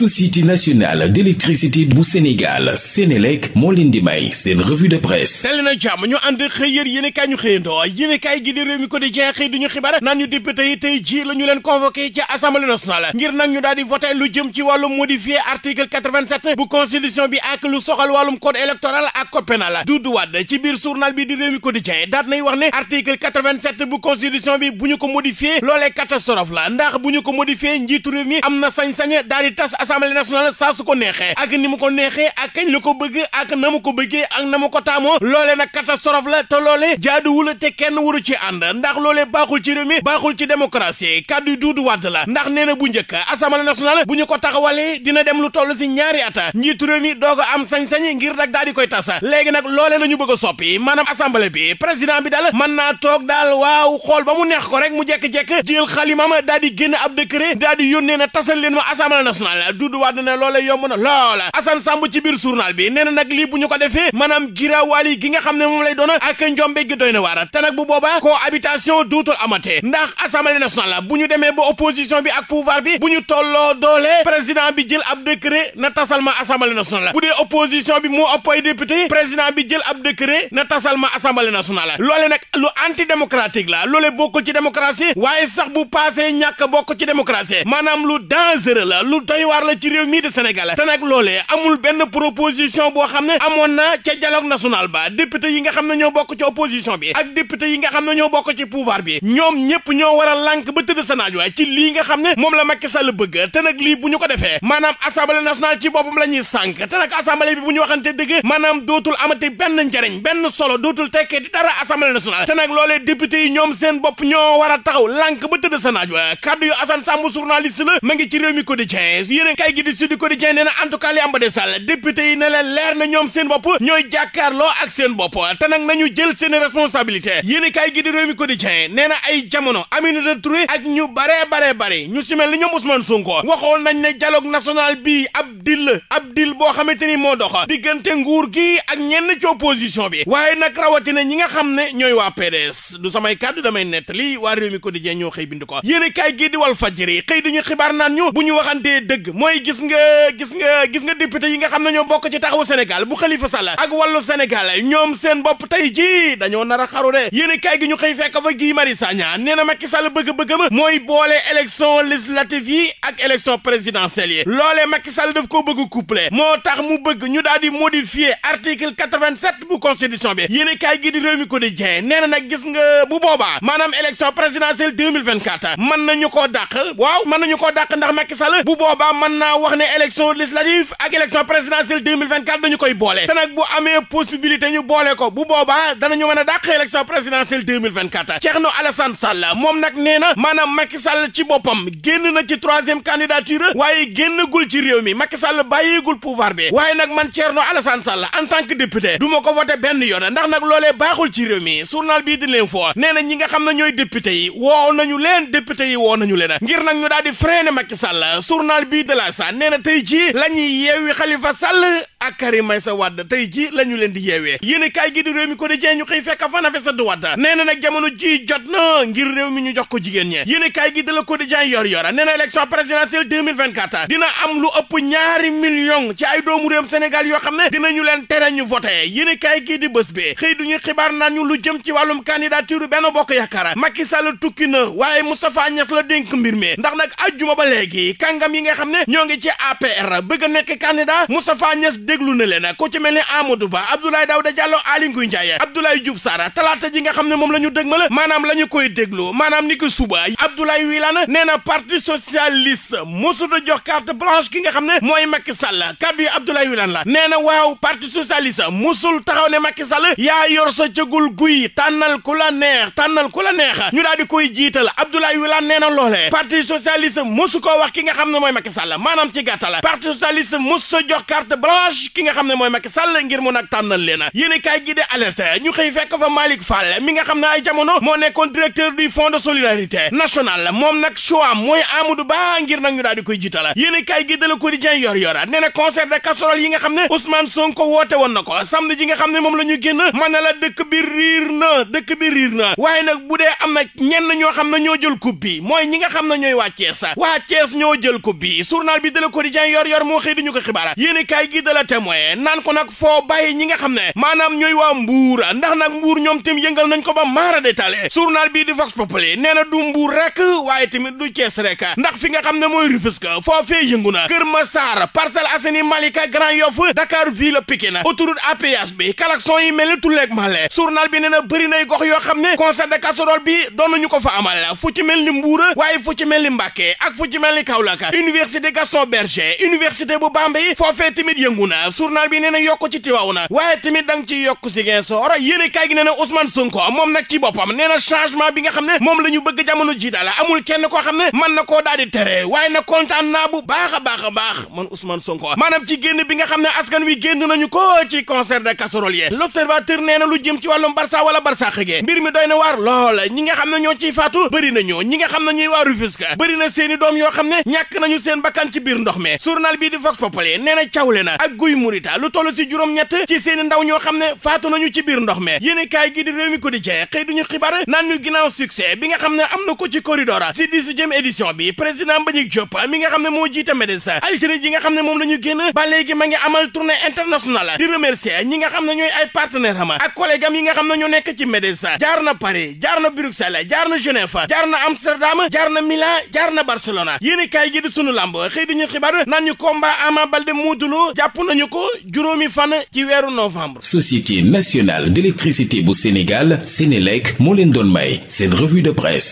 société nationale d'électricité bu Sénégal Sénélec moo leen di may seen revue de presse teli na jàmm ñu ànd xëy yër yéen ñu xëyandoo yéen i kaay di réew ko di jeex duñu xibaar naan ñu député yi tey ji la leen convoqué ci assemblée nationale ngir nag ñu lu jëm ci wàllum modifié article bu constitution bi ak lu soxal wàllum code électoral ak code pénal Doudou Wade ci biir journal bi di réew ko di jeex daat nay wax ne article assemblée nationale saa su ko neexee ak ni mu ko neexee ak kañ la ko bëgg ak na mu ko bëggee ak na mu ko taamoo loolee nag catastrophe la te loolee jaaduwul te kenn waru ci ànd ndax loolee baaxul ci réew mi baaxul ci démocratie kàddu duudu wàdd la ndax nee na bu njëkk assemblée nationale bu ñu ko taxawalee dina dem lu toll si ñaari ata njiitu réew mi doog am sañ-sañ ngir nag daal di koy tasa léegi nag loolee na ñu bëgg a soppi maanaam assemblée bi président bi daal naa toog daal waaw xool ba mu ko rek mu jekk-jekk jël xalimam daal di génn ab décret daal di Doudou Wade ne loolee yomb na loola Assane Samb ci biir journal bi nee na nag lii bu ñu ko defee maanaam giraawaali gi nga xam ne moom lay doon ak njombe gi doy na waar te nag bu boobaa cohabitation duutul amate ndax assemblée nationale bu ñu demee ba opposition bi ak pouvoir bi bu ñu tolloo doole président bi jël ab décret na tasal ma assemblée nationale bu dee opposition bi moo ëpp ay député président bi jël ab décret na tasal ma assemblée nationale loole nag lu anti démocratique la loole bokkul ci démocratie waaye sax bu passé ñàkk bokk ci démocratie maanaam lu dangereux la jàmbaar la ci réew mii di Sénégal te nag loolee amul benn proposition boo xam ne amoon na ca dialogue national ba député yi nga xam ne ñoo bokk ci opposition bi ak député yi nga xam ne ñoo bokk ci pouvoir bi ñoom ñëpp ñoo war a lànk ba tëdd sa naaj waay ci lii nga xam ne moom la Macky Sall bëgg te nag lii bu ñu ko defee maanaam assemblée nationale ci boppam la ñuy sànk te nag assemblée bi bu ñu waxante dëgg maanaam dootul amati benn njariñ benn solo dootul tekkee di dara assemblée nationale te nag loolee député yi ñoom seen bopp ñoo a taxaw lànk ba tëdd sa naaj wa kaddu yu Assane Samb journaliste ngi ci réew mi quotidien yéen kay gi di Sud Quotidien nee na en tout cas li am ba de sàll député yi ne leen leer na ñoom seen bopp ñooy jàkkaarloo ak seen bopp te nag nañu jël seen responsabilité yéen kay gi di Rewmi Quotidien nee na ay jamono Aminata Touré ak ñu baree baree bare ñu si mel ni ñoom Ousmane Sonko waxoon nañ ne dialogue national bii ab dil la ab dil boo xamante ni moo dox diggante nguur gi ak ñenn ci opposition bi waaye nag rawatina ñi nga xam ne ñooy waa PDS du samay kàddu damay nettali waa Rewmi Quotidien ñoo xëy bind ko yéen kay gi di Walf Fadjri xëy duñu xibaar naan ñu bu ñu waxantee dëgg mooy gis nga gis nga gis nga député yi nga xam ne ñoo bokk ci taxawu Sénégal bu Khalifa Sall ak wàllu Sénégal ñoom seen bopp tey ji dañoo nar a xaru de yéen kay gi ñu xëy fekk a Guy Marius Sagna nee na Macky Sall bëgg-bëggam mooy boole élection législative yi ak élection présidentielle yi loolee Macky Sall daf koo bëgg couplé moo tax mu bëgg ñu daal di modifier article 87 bu constitution bi yéen kay gi di réew mi ko di jee nee na nag gis nga bu boobaa maanaam élection présidentielle 2024 mën nañu koo dàq waaw mën nañu koo dàq ndax Macky Sall bu boobaa mën naa wax ne élection législative ak élection présidentielle 2024 dañu koy boole te nag bu amee possibilité ñu boole ko bu boobaa danañu mën a dàq élection présidentielle 2024 Thierno Alassane Sall moom nag nee na maanaam Macky Sall ci boppam génn na ci troisième candidature waaye génnagul ci réew mi Macky Sall bàyyeegul pouvoir bi waaye nag man Thierno Alassane Sall en tant que député du ma ko voté benn yoon ndax nag loolee baaxul ci réew mi journal bii di leen foo na ñi nga xam ne ñooy député yi woo nañu leen député yi woo nañu leen ngir nag ñu daal di freiné Macky Sall la nee na tey jii la ñuy yeewi Khalifa ak Karim Meïssa Wade tey ji la ñu leen di yeewee yéen i gi di réew mi ko di ñu xëy fekk fana fi sadd nee na nag jamono ji jot na ngir réew mi ñu jox ko jigéen ñe yéen i kaay gi da la ko di jee yor yora nee na élection présidentielle 2024 dina am lu ëpp ñaari million ci ay doomu réew Sénégal yoo xam ne dinañu leen tere ñu voté yéen i kaay gi di bés bi xëy duñu xibaar naan ñu lu jëm ci wàllum candidature benn bokk yaakaar Macky Sall tukki na waaye Moustapha Niass la dénk mbir mi ndax nag ajjuma ba léegi kàngam yi nga xam ne ñoo ngi ci APR bëgg a nekk candidat Moustapha Niass déglu na leen ku ci mel ni Amadou Ba Abdoulaye Daouda Diallo Aly Ngouille Ndiaye Abdoulaye Diouf Sarr talaata ji nga xam ne moom la ñu dëgmal maanaam la ñu koy dégloo maanaam ni ko suba Abdoulaye Wilane nee na parti socialiste mosut a jox carte blanche ki nga xam ne mooy Macky Sall kaddu yi Abdoulaye Wilane la nee na waaw parti socialiste mosul taxaw ne Macky Sall yaa yor sa cëgul guy tànnal ku la neex tànnal ku la neex ñu daal di koy jiital Abdoulaye Wilane nee na loolee parti socialiste mosu koo wax ki nga xam ne mooy Macky Sall maanaam ci gàttal parti socialiste mos sa jox push ki nga xam ne mooy Macky Sall ngir mu nag tànnal leen yéen i kaay gi de alerte ñu xëy fekk fa Malick Fall mi nga xam ne ay jamono moo nekkoon directeur du fonds de solidarité nationale moom nag choix mooy Amadou Ba ngir nag ñu daal di koy jiital yéen i kaay gi de le quotidien yor yora nee na concert de casserole yi nga xam ne Ousmane Sonko woote woon na ko samedi ji nga xam ne moom la ñu génn man na la dëkk bi riir na dëkk bi riir na waaye nag bu dee am na ñenn ñoo xam ne ñoo jël coupe bi mooy ñi nga xam ne ñooy waa Thiès waa Thiès ñoo jël coupe bi journal bi de le quotidien yor yor moo xëy di ñu ko xibaar yéen i kaay gi de la témoin naan ko nag foo bàyyi ñi nga xam ne maanaam ñooy waa mbuur ndax nag mbuur ñoom tam yëngal nañ ko ba maara détaillé journal bii di Vox Populi nee na du mbuur rek waaye tamit du Cees rek ndax fi nga xam ne mooy Rufisque foofee yëngu na Kër Massar Parcelles Assainies Malika Grand Yoff Dakar Ville Pikine autoroute à péage bi klaxon yi mel ni tulleeg male journal bi nee na bëri nay gox yoo xam ne concert de casserole bi doon ñu ko fa amal fu ci mel ni Mbuur waaye fu ci mel ni Mbàkke ak fu ci mel ni Kaolack université Gaston Berger université bu Bambey foofee yëngu na journal bi nee na yokk ci Tivaouane waaye tamit da nga ciy yokk Ziguinchor yéen kaay gi nee na Ousmane Sonko moom nag ci boppam nee na bi nga xam ne moom la ñu bëgg jamono ji daal amul kenn koo xam ne mën na koo daal di tere waaye nag kontaan naa bu baax a baax a baax man Ousmane Sonko maanaam ci génn bi nga xam ne askan wi génn nañu ko ci concert de casserole yi l'observateur nee na lu jëm ci wàllum Barça wala Barça xëgee mbir mi doy na waar lool ñi nga xam ne ñoo ciy faatu bëri nañu ñi nga xam ne ñuy waa Rufisque na seeni doom yoo xam ne ñàkk nañu seen bakkan ci biir ndox mi journal bii di Vox Populi nee na guy Murita lu toll si juróom-ñett ci seen ndaw ñoo xam ne faatu nañu ci biir ndox mi yéen kaay gi di réew mi di cee xëy duñu xibaar naan ñu ginnaaw succès bi nga xam ne am na ko ci corridor si dix-septième édition bi président Mbagnick Diop mi nga xam ne moo jiite MEDES altine ji nga xam ne moom la ñu génn ba ma ngi amal tournée internationale di remercier ñi nga xam ne ñooy ay partenaire am ak collègue am nga xam ne ñoo nekk ci MEDES jaar na Paris jaar na nañu ko juróomi fan ci weeru novembre. société nationale d'électricité bu Sénégal Sénélec moo leen doon may seen revue de presse.